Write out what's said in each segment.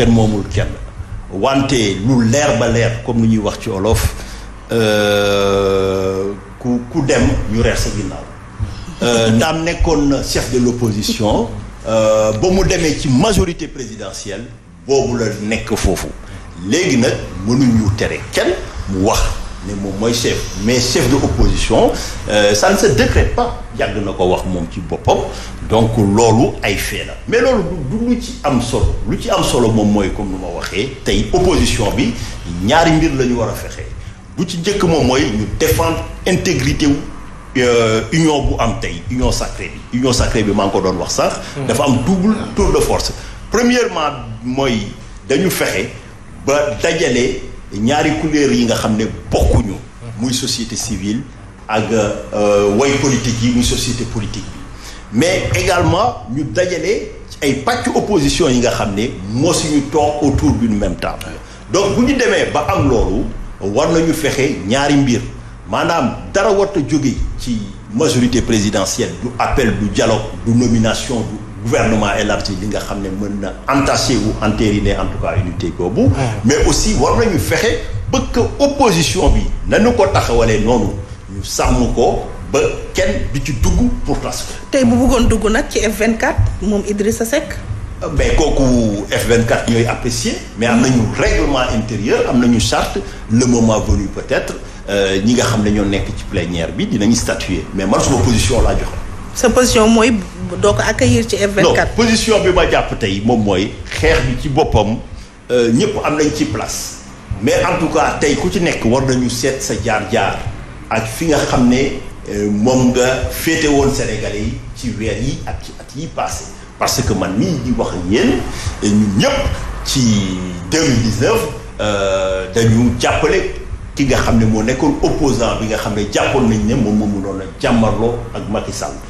kenn moomul kenn wante lu leer ba leer comme ni ñuy wax ci olof euh, ku ku dem ñu reer sa ginnaaw euh, ndaam nekkoon chef de l'opposition euh, ba mu demee ci majorité présidentielle boobu la nekk foofu léegi nag mënuñu tere kenn mu wax mais chef de l'opposition euh, ça ne se décrète pas Il y wax ci donc loolu ay fait mais loolu du lu am solo lu am solo comme nous opposition a bu ci mon moom ñu défendre intégrité euh, union union sacrée union sacrée hmm. double tour de force premièrement nous dañu nous faire ñaari couleurs yi nga xam bokkuñu société civile ak euh, way politique yi société politique mais également ñu ay opposition yi nga xam ne autour d'une même table donc bu ñu ba am loolu war nañu fexe ñaari mbir dara ci majorité présidentielle du appel du dialogue du nomination du gouvernement élargi li nga xamné ne mën na ou entériner en tout cas unité boobu. mais aussi war nañu faire bëgg opposition bi nañu ko taxawalé noonu ñu sàmm ko ba kenn du ci dugg pour tas tay bu bëggoon dugg nak ci F24 mom Idrissa Seck. mais koku F24 ñoy apprécié mais am nañu règlement intérieur am nañu charte le moment venu peut-être euh, ñi nga xamné ñoo nekk ci plénière bi dinañu statuer mais man suma position laa joxe. sa position moy doo ko accueillir ci F24. non position bi ma jàpp tey moom mooy xeex bi ci euh ñepp am nañ ci place mais en tout cas tay ku ci nek war nañu set sa jaar-jaar ak fi nga xamné ne euh, moom nga fété won Sénégalais ci wér yi ak ci at yi passé parce que man mii di wax yéen ñun ñepp ci 2019 euh dañu jàppale ki nga xamné mo moo opposant bi nga xamné ne nañ né mom moo mënoon a jàmmarloo ak Macky Sall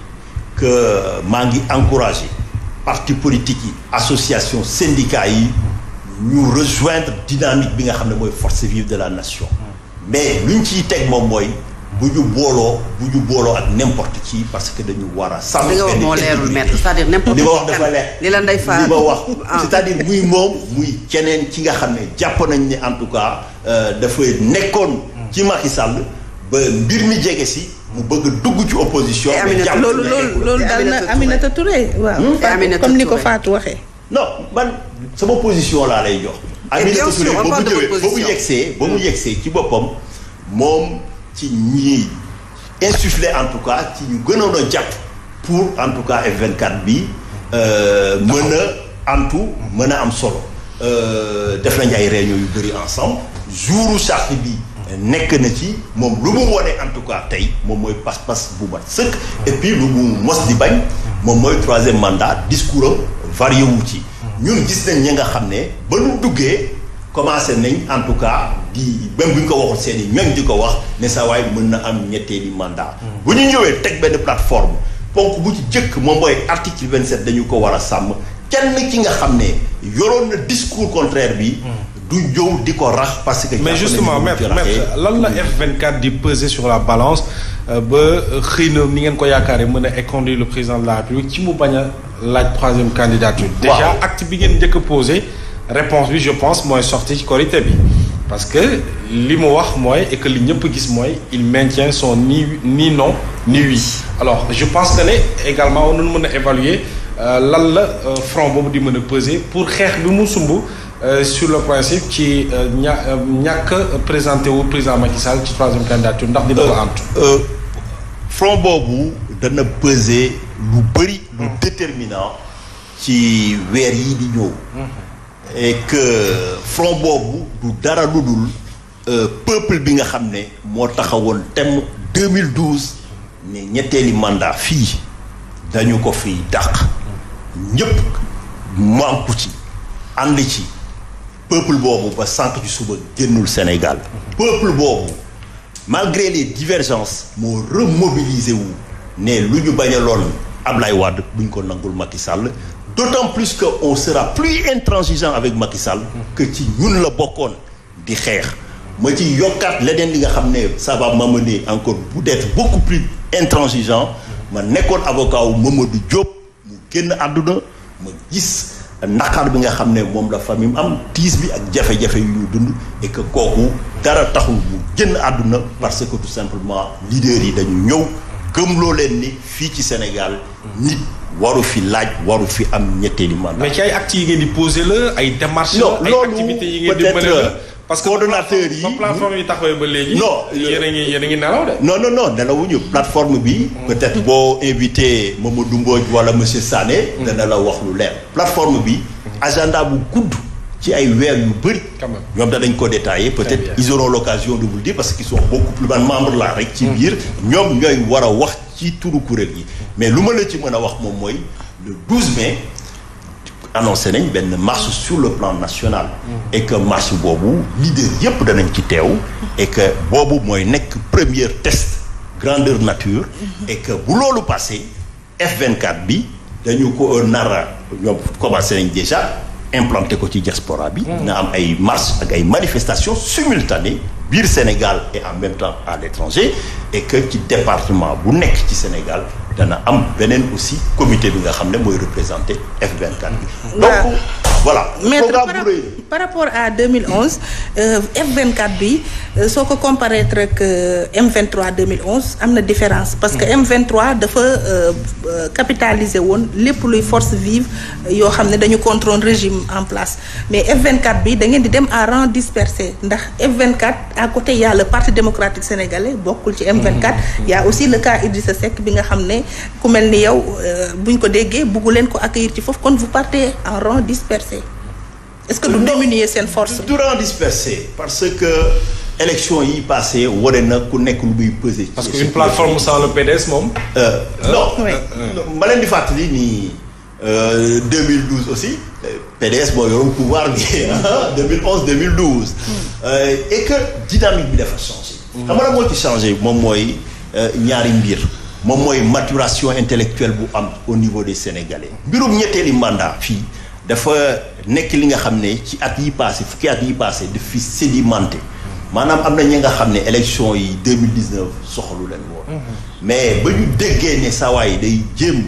que Mangi encouragé parti politique association syndicat nous rejoindre dynamique bi nga xam ne force vive de la nation mais luñ ci teg mom moy buñu bolo buñu bolo ak n'importe qui parce que dañu wara voir à li nga wax maître c'est-à-dire n'importe qui li wax ah. c'est-à-dire muy mon muy kenen ki nga xamné japp nañ ni en tout cas euh, dafay nekkoon ci Macky Sall ba mbir mi ci si mu ci opposition. mais Aminata Touré waaw. Hmm? comme non man sama position laa lay jox. Aminata Touré ba mu jëwee ba mu hmm. yegsee ci boppam en tout cas ci ñu a pour en tout cas F24 bi euh, mën a antu mën a am solo euh, def réunion ensemble nekk na ci moom lu mu wone en tout cas tey moom mooy pas-pas bu mat sëkk et puis lu mu mos di bañ moom mooy troisième mandat discours am varié wu ci ñun gis nañ ñi nga xam ne ba nu duggee commencé nañ en tout cas di même bu ñu ko waxul seen i ñoñ di ko wax ne sa waay mën na am ñetteeli mandat bu ñu ñëwee teg benn plateforme ponk bu ci jëkk moom mooy vingt 27 dañu ko war a sàmm kenn ki nga xam ne yoroon na discours contraire bi mais justement maître maître la F24 di peser sur la balance euh, be, n'y ni a le président de la République qui mu bañ la troisième candidature. déjà acte bi ngeen posé réponse oui, je pense est sorti de Korité parce que li mu wax et que li ñëpp il maintient son ni non ni oui alors je pense que est également on a évaluer euh, lan la euh, front peser pour faire bi mu euh, sur le principe ci euh, euh, a que présenté au président Macky Sall ci troisième candidature ndax dina ko antu front boobu dana peser lu bari lu déterminant ci wér yi di ñëw mhm. et que front bobu du dara lu dul peuple bi nga xamné mo moo taxawoon 2012 ne ñetteeli mandat fi dañu ko fi dakh ñëpp manku ci ànd ci peuple bobo ba sànq ci suba le Sénégal peuple bobo malgré les divergences mo remobilisé wu Né luñu ñu lool Ablaye Wade buñ ko Macky Sall d'autant plus que on sera plus intransigeant avec Macky Sall que ci ñun la bokone di xex ma ci yokkat leneen li nga xam ne ça va m'amener encore pour d'être beaucoup plus intransigeant ma nekkoon avocat wu Mamadou Diop mu génn àdduna ma gis naqar bi nga xam ne moom la famille am tiis bi ak jafe-jafe yu ñu dund et kooku dara taxul bu jën àdduna parce que tout simplement leader yi dañu ñëw gëmloo leen ni fii ci Sénégal nit waru fi laaj waru fi am ñetteeli mandat mais ci ay actes yi ngeen di posé la ay démarches. ay activités yi parce que ordinateur yi plateforme yi taxawee ba légui non yéen a ngi yéen a ngi nelaw de. non non non nelawuñu plateforme bi. Mm. peut-être bo invité Mamadou Mbodj wala monsieur Sané. Mm. dana la wax lu leer. plateforme bi mm. agenda bu gudd. ci ay weer yu bëri. ñom dañ ko détaillé peut-être ils auront l'occasion de vous le dire parce qu'ils sont beaucoup plus man membre là rek. ci bir ñom ñooy wara wax ci turu kuréel yi. mais luma la ci mëna wax mom moy le 12 mai annoncé une marche sur le plan national. Mm. et que marche bobo leader yep danañ ci et que bobo mooy le premier test grandeur nature. Mm-hmm. et que boulot le passé F24 bi de ko nara commencé déjà implanté côté ci diaspora bi. Mm. na am ay marches ak Sénégal et en même temps à l'étranger et que ci département bu du Sénégal dana am benen aussi comité bi nga xamné moy représenter représenté F24 donc voilà par, rapport à 2011 F24 b ce qui compare comparé M23 2011 a une différence parce que M23 hmm. dafa euh, euh capitaliser les vives luy force vive euh, yoo xam régime en place mais F24 bi da ngeen di dem rang dispersé F24 à côté il y a le parti démocratique sénégalais il M24 hmm. il y a aussi le cas Idrissa Seck qui a été ne ku euh, vous partez en rang dispersé est-ce que nous diminuons cette force. nous est dispersé parce que l'élection y passée, on na ku nekk lu peser. parce qu'une plateforme sans le PDS euh, hein? non euh, euh. non Malgré suis fait que 2012 aussi PDS moo au pouvoir 2011 2012. Hein, hmm. et que la dynamique bi changer. changé. xam nga Moi, ci changé moom a ñaari mbir. moi maturation intellectuelle au niveau des Sénégalais. mbirum ñetteeli mandat fille dafa nekk li nga xam ne ci at yi passé fukki at yi passé daf fi sédimenté maanaam am na ñi nga xam ne élection yi 2019 soxlu leen woon mhm. mais ba ñu déggee ne sawaay day jëm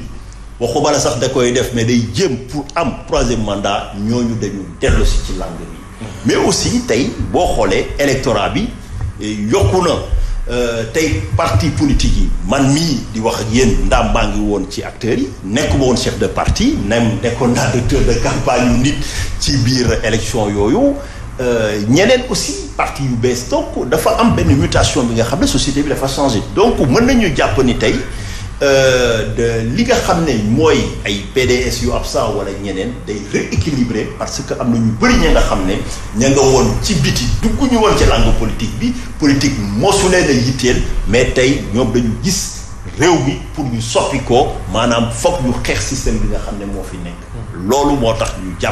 waxu bala sax da koy def mais day jëm pour am troisième mandat ñooñu dañu dellu si ci langue bi mhm. mais aussi tey boo xoolee électorat bi eh, yokku na Euh, tey parti politique yi man mii di wax ak yéen ndaam maa ngi woon ci acteurs yi nekk woon chef de parti nem nekkoon naa directeur de campagne yu nit ci biir élection yooyu euh, ñeneen aussi parti yu bees donc dafa am benn mutation bi nga xam ne société bi dafa changé donc mën nañu jàpp ni tey Euh, de li nga xamné moy ay PDS yu ab wala ñeneen day parce que amna ñu bari ñinga nga ñinga won ci biti duggu ñu ci langue politique bi politique mosu a mais tey dañu gis pour ñu soppi ko maanaam foog ñu système bi nga xam ne fi nekk.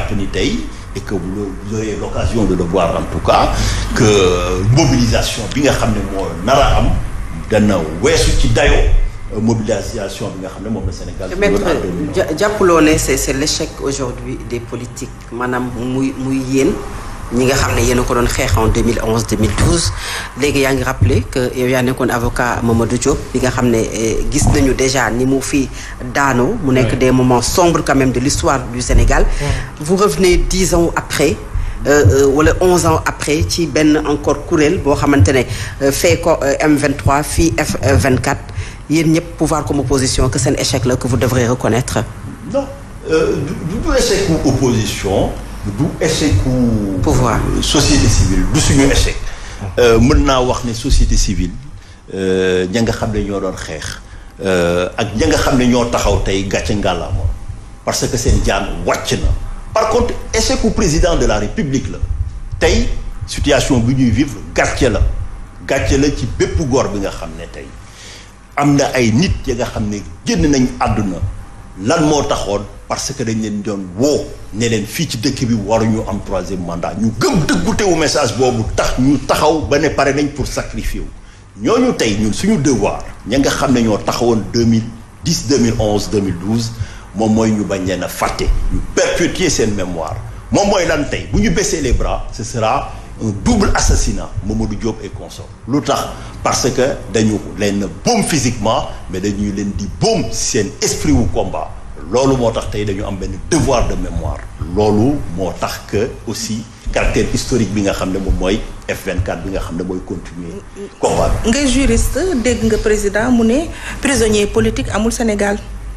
et que vous, l'occasion de le voir en tout cas que mobilisation bi nga xam ne dana ci mobilisation bi c'est l'échec aujourd'hui des politiques madame muy nous avons ñi en 2011 2012 légui yaa ngi rappelé que yow yaa un avocat Mamadou Diop bi nga eh, gis nañu déjà ni mu fi des moments sombres quand même de l'histoire du Sénégal vous revenez 10 ans après euh, euh, ou 11 ans après ci ben encore kuréel bo xamantene fait M23 fi F24 yéen ñëpp pouvoir comme opposition que c'est un échec là que vous devrez reconnaître. non euh, d'où échec ou opposition d'où échec ou. pouvoir société civile c'est suñu échec. Euh, mën naa wax société civile euh, ña nga xam ne ñoo doon xeex ak ña nga ñoo taxaw parce que c'est un diable. na. par contre échec ou président de la république la taye situation bi ñuy vivre gàcce la gàcce la ci bépp góor bi nga amna ay nit yi nga xamné parce que dañ leen doon ne leen fi ci dëkk bi waruñu am troisième mandat ñu message boobu tax ñu taxaw ba ne pare pour sacrifier wu ñooñu tey ñun suñu devoir ña nga xam ne ñoo taxawoon 2010 2011 2012 moom mooy ñu a mémoire moom mooy lan les bras ce sera un double assassinat Mamadou Diop et consort L'autre parce que dañu une bombe physiquement mais dañuy leen di c'est un esprit ou combat Lolo moo tax dañu devoir de mémoire Lolo moo aussi, que aussi caractère historique bi nga xam Moy F24 bi nga le Moy continuer combat bi. juriste dégg nga président mu prisonnier politique à Sénégal.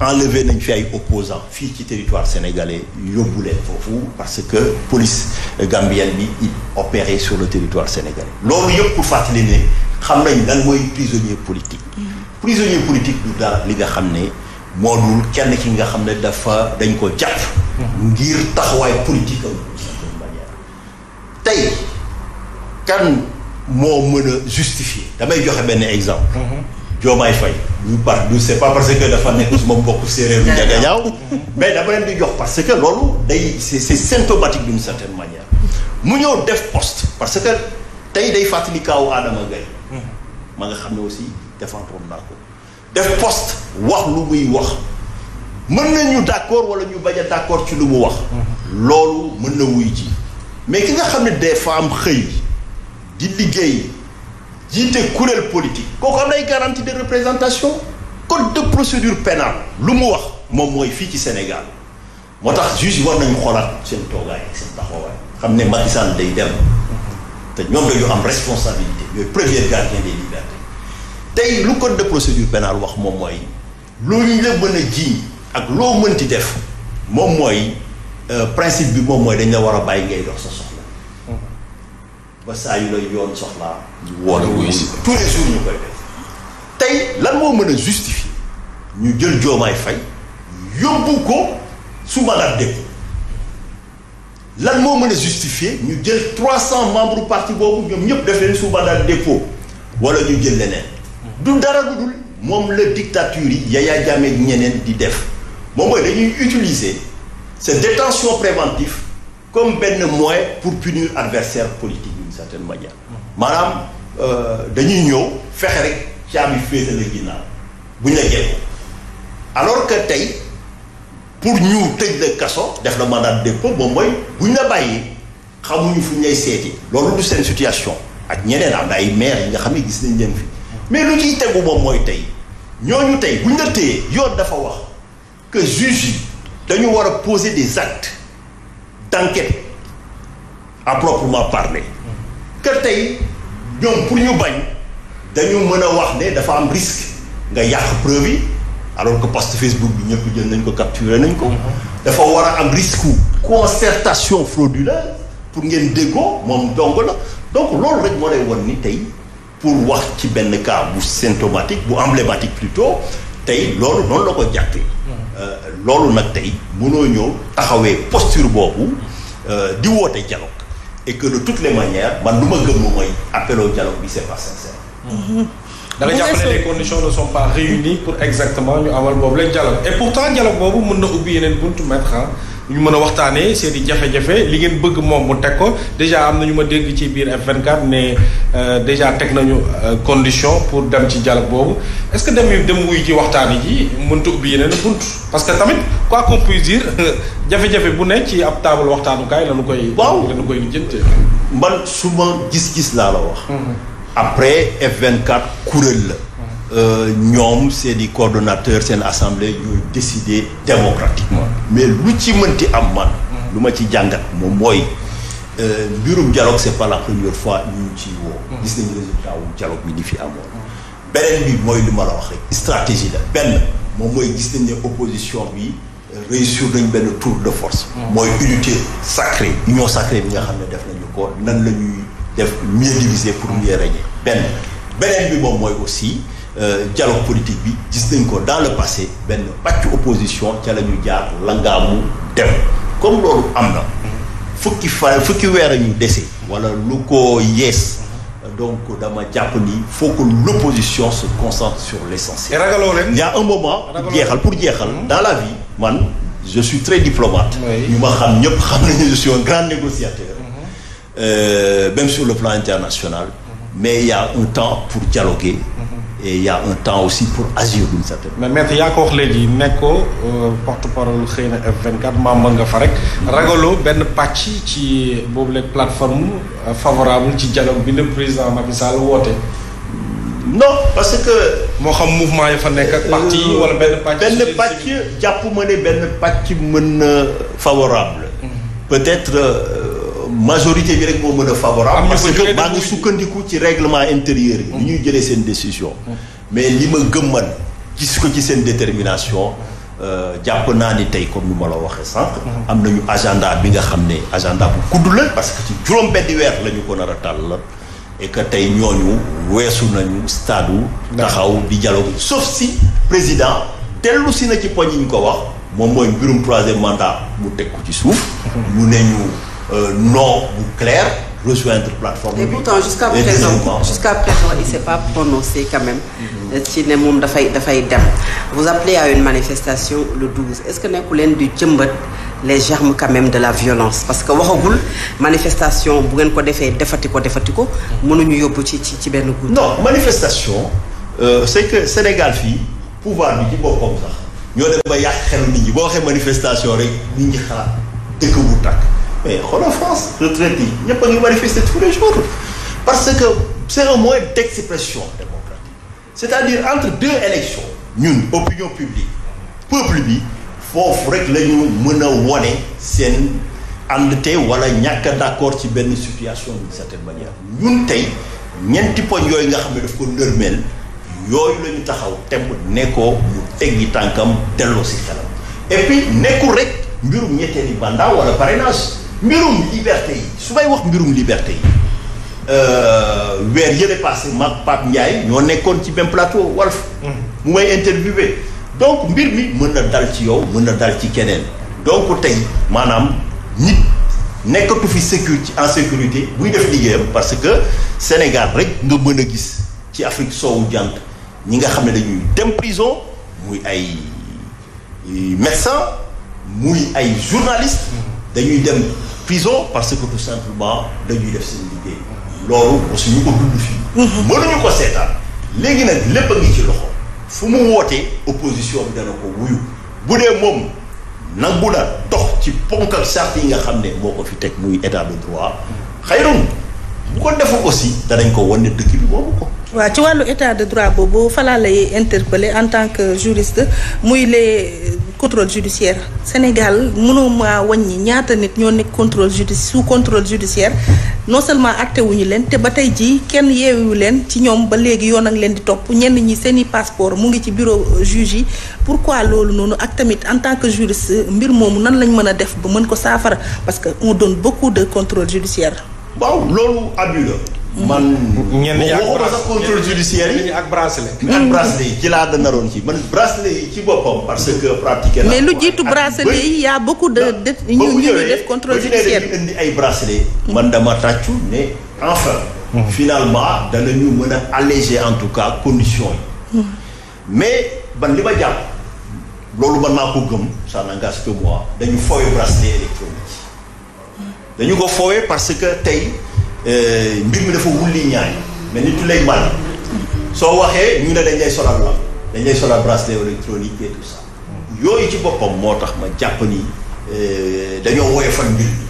enlever les opposants filles territoire sénégalais voulais pour vous, parce que police gambienne opérait sur le territoire sénégalais L'homme, pour prisonnier politique mm-hmm. prisonnier politique nous li kenn ki nga dafa dañ ko mm-hmm. politique kan justifier exemple mm-hmm. Diomaye Faye du par du c'est pas parce que dafa nekk suma mbokk séeréer yu njaga ñaaw mais dama leen di jox parce que loolu day c'est c'est symptomatique d'une certaine manière mu ñëw def poste parce que tey day fàttali kaaw Adama Gaye ma nga xam ne aussi défendroon naa ko def poste wax lu muy wax mën nañu d' accord wala ñu bañ a d' accord ci lu mu wax loolu mën na wuy ji mais ki nga xam ne des fois am di liggéey jiite le politique ko am nay garantie de représentation code de procédure pénale lu mu wax mom moy fi ci Sénégal motax juge war nañ xolat sen togaay sen taxawaay xamné ne Macky Sall day dem te ñoom dañu am responsabilité le premier gardien des libertés tay lu code de procédure pénale wax moom mooy looñu la mën a ak lo mënti def moom euh, principe bi mom moy dañ la wara bay dox sa soxla ba saa la tous les jours ñu koy def. tey lan moo mën a justifier ñu jël Diomaye fay yóbbu ko sous mandat de dépôt lan moo mën a justifier ñu jël 300 membres membres parti boobu ñoom ñëpp def leen sous mandat de dépôt wala ñu jël leneen. du dara du dul moom la dictature yi Yaya Jammeh ñeneen di def moom mooy dañuy utiliser cette détention préventive comme benn moyen pour punir adversaire politique certaine manière euh, dañuy ñëw de rek alors que tay pour nous, tëj de kasso def na mandat de dépôt la Lors xamuñu fu situation ak ñeneen am maire nga gis nañ fi mais lu ciy tegu moom mooy tey que juge poser des actes d'enquête à proprement parler que tey pour ñu wax ne dafa am preuve alors que poste Facebook bi ñëpp jël capturé nañ ko. dafa a am concertation frauduleuse pour ngeen déggoo donc loolu rek moo lay pour wax ci cas symptomatique bu emblématique plutôt tey loolu la ko hmm. euh, loolu posture euh, di et que de toutes les manières bah, nous ne pouvons pas appeler au dialogue ce n'est pas sincère. les conditions ne sont pas réunies pour exactement avoir le dialogue et pourtant le dialogue vous ne pouvez ubbi mettre buntu mettre hein. ñu mën a waxtaanee seen i jafe-jafe li ngeen bëgg moom mu teg ko déjà am na ñu ma dégg ci biir F24 ne euh, déjà teg nañu euh, condition pour dem ci dialogue boobu est-ce que dem dem wuy ci waxtaan yi mënta ubbi yeneen bunt parce que tamit quoi qu'on puisse dire jafe-jafe bu ne ci ab table waxtaanukaay la ñu koy. waaw la ñu koy lijjante. man suma gis-gis laa la wax. Mhm. après F24 kuréel la. c'est euh, des coordonnateurs, coordinateurs, seen assemblée ont décidé démocratiquement mais lu ci mënti am man lu ma ci moi le bureau de dialogue c'est pas la première fois ñu ci woo gis nañu résultat wu dialogue bi di fi amoon beneen bi mooy ma la stratégie la moi, il mooy gis nañ opposition bi réussir une belle tour de force une unité sacrée union sacrée bi nga xam ne def nañu ko nan def mieux divisé pour mieux régner Ben, ben bi moi aussi euh, dialogue politique bi gis nañ dans le passé pas pàcc opposition a la ñu l'engagement dem comme lolu amna Faut fukki fa fukki weer a ñu un wala lu ko yes donc dama japp ni faut que l'opposition se concentre sur l'essentiel il y a un moment pour pour que dans la vie man je suis très diplomate je suis un grand négociateur mhm. euh, même sur le plan international mais il y a un temps pour dialoguer. Mhm. et il y a un temps aussi pour agir d'une certaine mais maître yaa Lédi, wax euh, porte parole F24 membre nga fa rek ragaloo ragolo pàcc ci boobu la plateforme euh, favorable ci dialogue bi le président Macky Sall woote. non parce que. moo xam mouvement qui fa nekk parti wala Ben pàcc. Une pàcc jàpp pour ne favorable. Mhm. peut-être. Euh, majorité bi rek mo mën favorable parce que ba nga soukandiku ci règlement intérieur yi. Hum. ñuy jëlee seen décision. Hum. mais li ma gëm man gis ko ci sen détermination. Euh, jàpp naa ni tay comme nous ma la waxee sànq. Hum. am nañu agenda bi nga xamné agenda bu gudd la. parce que ci juróom-benni weer lañu ko nar a la et que tay ñooñu weesu nañu stade taxaw di dialogue sauf si président dellu si na ci poñ yi ñu ko wax moom mooy mbirum troisième mandat mu teg ko ci suuf. mu ne ñu. Euh, non ou clair rejoindre plateforme. Et pourtant, jusqu'à présent, jusqu'à présent, il ne s'est pas prononcé quand même. Mhm. Vous appelez à une manifestation le 12. Est-ce que vous du Tchimbat les germes quand même de la violence parce que vous manifestation bu ko avez defati ko defati ko ci ci non manifestation euh, c'est que Sénégal le pouvoir bi ci boppam sax ñoo ba xel ni, y manifestation rek vous mais en France traité, il n'y a pas de manifester tous les jours parce que c'est un moyen d'expression démocratique c'est-à-dire entre deux élections nous, opinion publique peuple il faut que nous nous mën a wone seen ànd tey wala ñàkk a d'accord situation d'une certaine manière ñun de ñeenti poñ Nous, nous xam nous, daf ko nërmeel yooyu la ñu taxaw temb nekkoo mu teggi tànkam delloo si xelam et puis nekkul rek mbirum ñetteeli mandat wala parrainage mbirum liberté yi su may wax mbirum liberté yi euh, weer yële passé maag Pape Ndiaye ñoo nekkoon ci même plateau wolf mu may interviewé donc mbir mi mën na dal ci yow mën na dal ci keneen donc tey manam nit nekkatu fi sécurité en sécurité buy def liggéeyam parce que Sénégal rek nga mën a gis ci Afrique soowu jant ñi nga xam ne dañuy dem prison muy ay médecin muy ay journaliste dañuy dem prison parce que tout simplement dañuy def seen liggéey loolu aussi ñu ko dund fii mënuñu ko seetaan léegi nag lépp a ngi ci loxo fu mu wootee opposition bi dana ko wuyu bu dee moom nangu na dox ci ponk ak sart yi nga xam ne moo ko fi teg muy état de droit xayrun bu ko defu aussi danañ ko won ne dëkk bi boobu ko tu ci l'état état de droit boobu falaa lay interpeller en tant que juriste muy les contrôle judiciaire Sénégal nous maa wàññi ñaata nit ñoo nekk contrôle judiciaire. sous contrôle judiciaire non seulement acte wuñu leen te ba tey jii kenn yeewu len, ci ñoom ba léegi yoon ak leen di top, ñenn ñi seen i passeport mu ngi ci bureau euh, juge pourquoi loolu noonu ak tamit en tant que juriste mbir moomu nan lañ mën def ba mën ko saafara parce que on donne beaucoup de contrôle judiciaire bon lolo abus man. ñenn yi ak waxuma sax contrôle judiciaire yi ak bracelet. Mm. Mm. ak bracelet yi ci laa da naroon ci man bracelet yi ci boppam. parce que pratiqué naa mais lu jiitu bracelet yi y' a def contrôle judiciaire ba indi ay bracelet. Mm. man dama tàccu ne enfin. finalement danañu mën a alléger en tout cas conditions yi. mais ban li ma jàpp loolu man maa ko gëm ça n'engage dañu fooye bracelet électronique dañu ko fooye parce que tey. Eh, mbir mi dafa wulli ñaay mais nit ku lay mal soo waxee ñu ne dañ lay solal la dañ lay solal bracelet électronique et tout ça yooyu ci boppam moo tax ma jàpp ni eh, dañoo woyofal mbir mi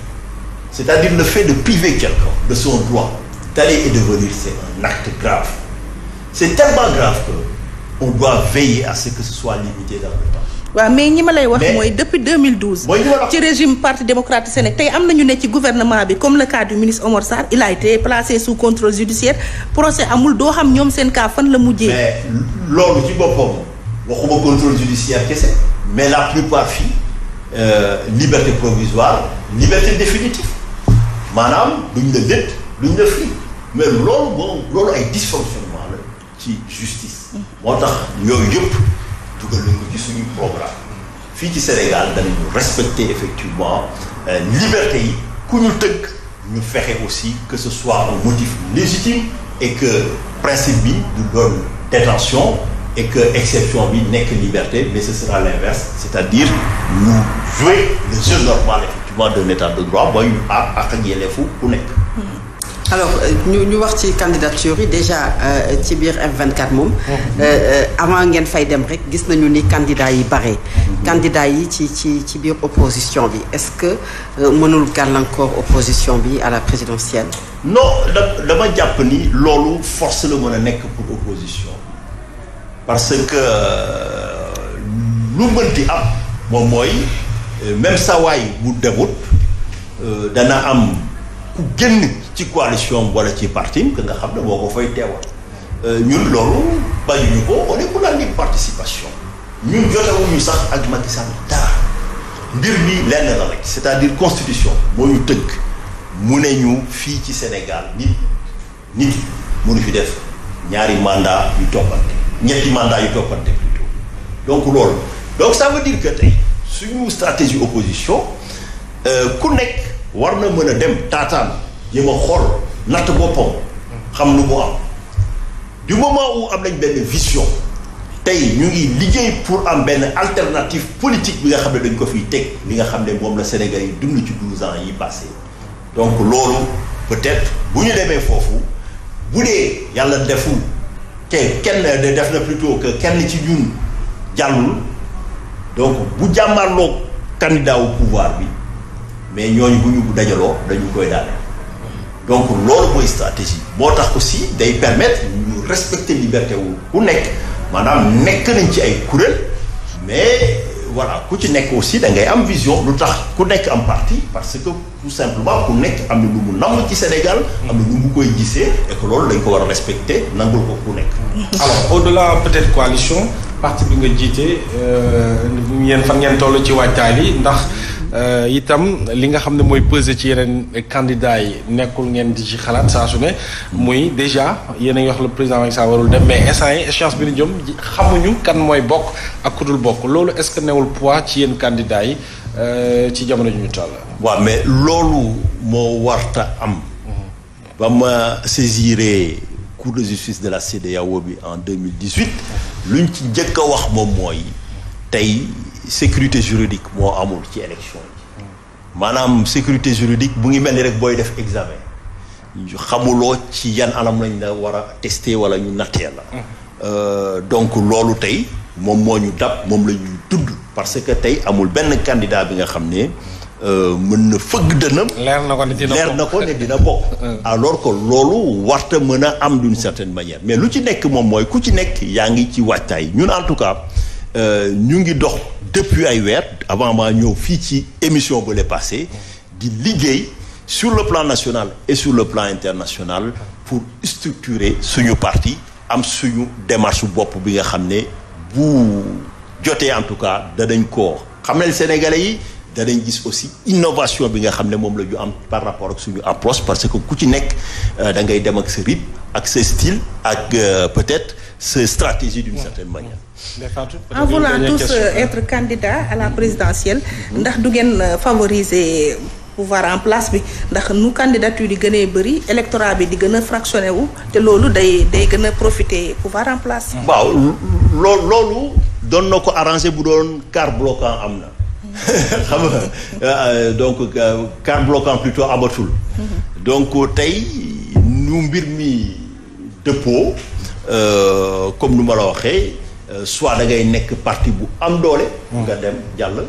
c'est-à-dire le fait de priver quelqu'un de son droit d'aller et de venir c'est un acte grave c'est tellement grave que on doit veiller à ce que ce soit limité dans le temps mais ñi lay wax depuis 2012 le régime parti démocrate sénégalais nous am nañu ne ci gouvernement comme le cas du ministre Omar Sarr il a été placé sous contrôle judiciaire procès amul doo xam ñoom seen cas fan la mujjee mais loolu ci boppam waxuma contrôle judiciaire mais la plupart fii euh, liberté provisoire liberté définitive maanaam duñ la lëtt duñ la fii mais loolu bon, loolu ay dysfonctionnement la ci justice mm. moo tax yooyu nous nañ programme fii ci Sénégal respecter effectivement euh, liberté que nous ñu aussi que ce soit un motif légitime et que le principe de bonne détention et que exception n'est que liberté mais ce sera l'inverse c'est-à-dire nous jouer le jeu normal effectivement d'un état de droit booy ñu aar à les pour alors nous euh, avons wax ci candidature déjà euh, ci F24 euh, avant de fay dem rek nous nañu ni candidats yi candidats yi ci opposition est-ce que encore une opposition à la présidentielle. non le Japonais, jàpp ni force le mën pour opposition parce que nous même am moom mooy même avons waay bu demut dana am ku génn ci coalition wala ci parti que nga xamne boko fay teewal euh, ñun loolu bañuñu ko on est pour la libre participation ñun jotewuñu sax ak Macky Sall dara ndir ni lenn la rek c'est-à-dire constitution moo ñu teug mu ne ñu fii ci Sénégal nit nit mënu fi def ñaari mandat yu toppante ñetti mandat yu toppante plutôt donc loolu donc ça veut dire que tey suñu stratégie opposition euh, ku nekk war dem xam lu am du moment où am nañ benn vision tey ñu ngi liggéey pour am alternative politique bi nga xam ne dañ ko fiy teg li nga xam la Sénégal dund ci 12 ans yi passé donc loolu peut-être bu ñu demee foofu bu dee yàlla kenn de def na plutôt que kenn ci ñun jàllul donc bu jàmmarloo candidat au pouvoir bi mais ñooñu bu ñu dajaloo dañu koy daane donc loolu mooy stratégie moo tax aussi day permettre ñu respecter liberté wu ku nekk maanaam nekk nañ ci ay kuréel mais voilà ku ci nekk aussi da ngay am vision lu tax ku nekk am parti parce que tout simplement ku nekk am na lu mu namm ci Sénégal. am na lu mu koy gisee et que loolu dañ ko war a respecter nangul ko ku nekk. alors au-delà peut-être coalition parti bi nga jiite euh, yéen fan ngeen toll ci waajtaay yi ndax. Euh, itam li nga xam moy peser ci yeneen candidat yi nekul ngeen di ci xalaat sa su ne muy déjà yéen wax le président Macky Sall warul dem mais instant yi bi ñu jëm xamuñu kan moy bok ak kudul bok bokk loolu est-ce que newul poids ci yéen candidat yi euh ci jamono ju ñu toll. waaw mais loolu mo warta am. Mhm. ba ma saisiré cour de justice de la CEDEAO bi en 2018 luñ ci njëkk wax moom moy tay sécurité juridique moi amul ci élection manam sécurité juridique bu ngi mel ni rek boy def examen xamulo ci yan anam lañ la wara a testé wala ñu naté la euh, donc lolu tay mom moo ñu dab mom la tudd parce que tay amul ben candidat bi nga xamné ne euh, mën na feug dënam leer na ne dina dina euh. alors que lolu warta mën am d'une certaine manière mais lu ci nekk mom moy ku ci nekk yaangi ci waajtaay ñun en tout cas euh, nous avons, depuis ay avant maa ñëw fii émission bu le passé di sur le plan national et sur le plan international pour structurer suñu parti am suñu démarche bopp bi nga pour ne bu jotee en tout cas danañ ko xam sénégalais yi danañ gis aussi innovation bi nga xam membres du am par rapport ak suñu approche parce que ku ci nekk euh, da ngay rythme style euh, peut-être ses stratégie d'une certaine manière en voulant tous euh, hein. être candidats à la présidentielle ndax du favorisé euh, favoriser pouvoir en place bi ndax nous candidature di l'électorat, bëri électorat bi di gëna fractionné wu té lolu day day profiter pouvoir en place mm. waaw lolu loolu pour na un car bloquant Donc, mm-hmm. xam nga euh, donc car bloquant plutôt amatul mm-hmm. donc tay nous mbir mi euh comme nous ma la euh, soit da ngay nekk parti bu am doole. Hum. nga dem jall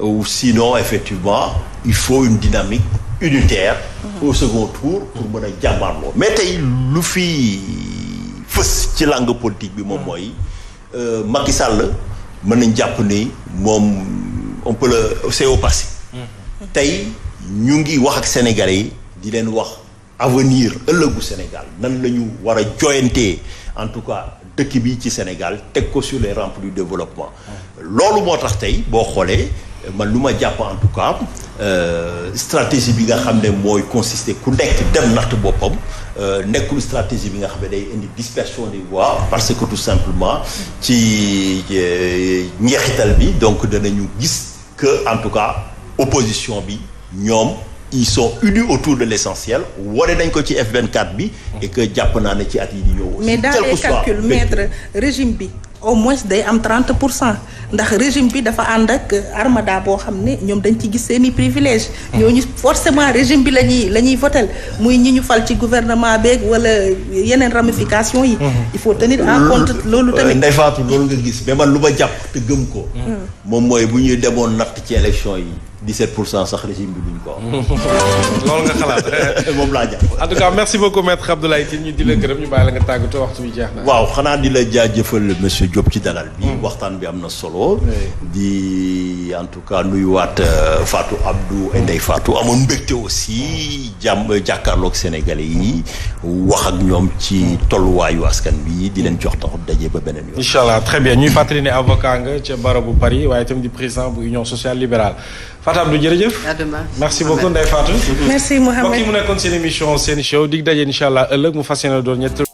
ou sinon effectivement il faut une dynamique unitaire. Hum. au second tour pour mën jabarlo mais tay lu fi fës ci langue politique bi moy hum. euh Macky Sall mën nañ ni mom on peut le c'est au passé. tey ñu ngi wax ak Sénégalais di len wax avenir ëllëgu Sénégal nan lañu wara war en tout cas dëkk bi ci Sénégal teg ko sur les rampes du développement loolu moo tax tey boo xoolee man lu ma jàpp en tout cas euh, stratégie bi nga xam ne mooy consister ku nekk dem natt boppam euh, nekkul stratégie bi nga xam ne day indi dispersion des voix parce que tout simplement ci euh, njeexital bi donc danañu gis que en tout cas opposition bi ñoom ils sont unis autour de l'essentiel wane nañ ko ci F24 bi et que jàpp naa ne ci at yi di ñëw mais dans les calculs maître régime bi au moins day am 30 ndax régime bi dafa and ak armada bo xamné ñom dañ ci gis seen i privilège ñooñu forcément régime bi la ñuy votel muy ñi ñu fal ci gouvernement beeg wala yeneen ramification yi il faut tenir en compte lolu euh, tamit Ndeye Fatou lolu nga gis mais man lu ma jàpp te gëm ko mom hmm. moy bu ñuy demoon natt ci élection yi 17 pour cent sax régime bi duñ ko am. loolu nga xalaat. moom laa jàpp. en tout cas merci beaucoup maître Abdoulaye Tine ñu di la gërëm ñu bàyyi la nga tàggatoo waxtu bi jeex na. waaw xanaa di la jaajëfal monsieur Diop ci dalal bi. Mm. waxtaan bi am na solo. di en tout cas nuyuwaat euh, Fatou Abdou Ndeye Fatou amoon mbégte aussi jàmm jàkkaarloog sénégalais yi wax ak ñoom ci tolluwaayu askan bi di leen jox tax daje ba beneen yoon. incha très bien ñuy fàttali ne avocat nga ca barreau bu Paris waaye itam di président bu Union sociale libérale. Fatou Abdou jërëjëf. merci beaucoup Ndeye Fatou. merci Mohamed mbokk yi mu nekkoon seen émission seen show dig dajé inshallah allah mu fas yéene ñett.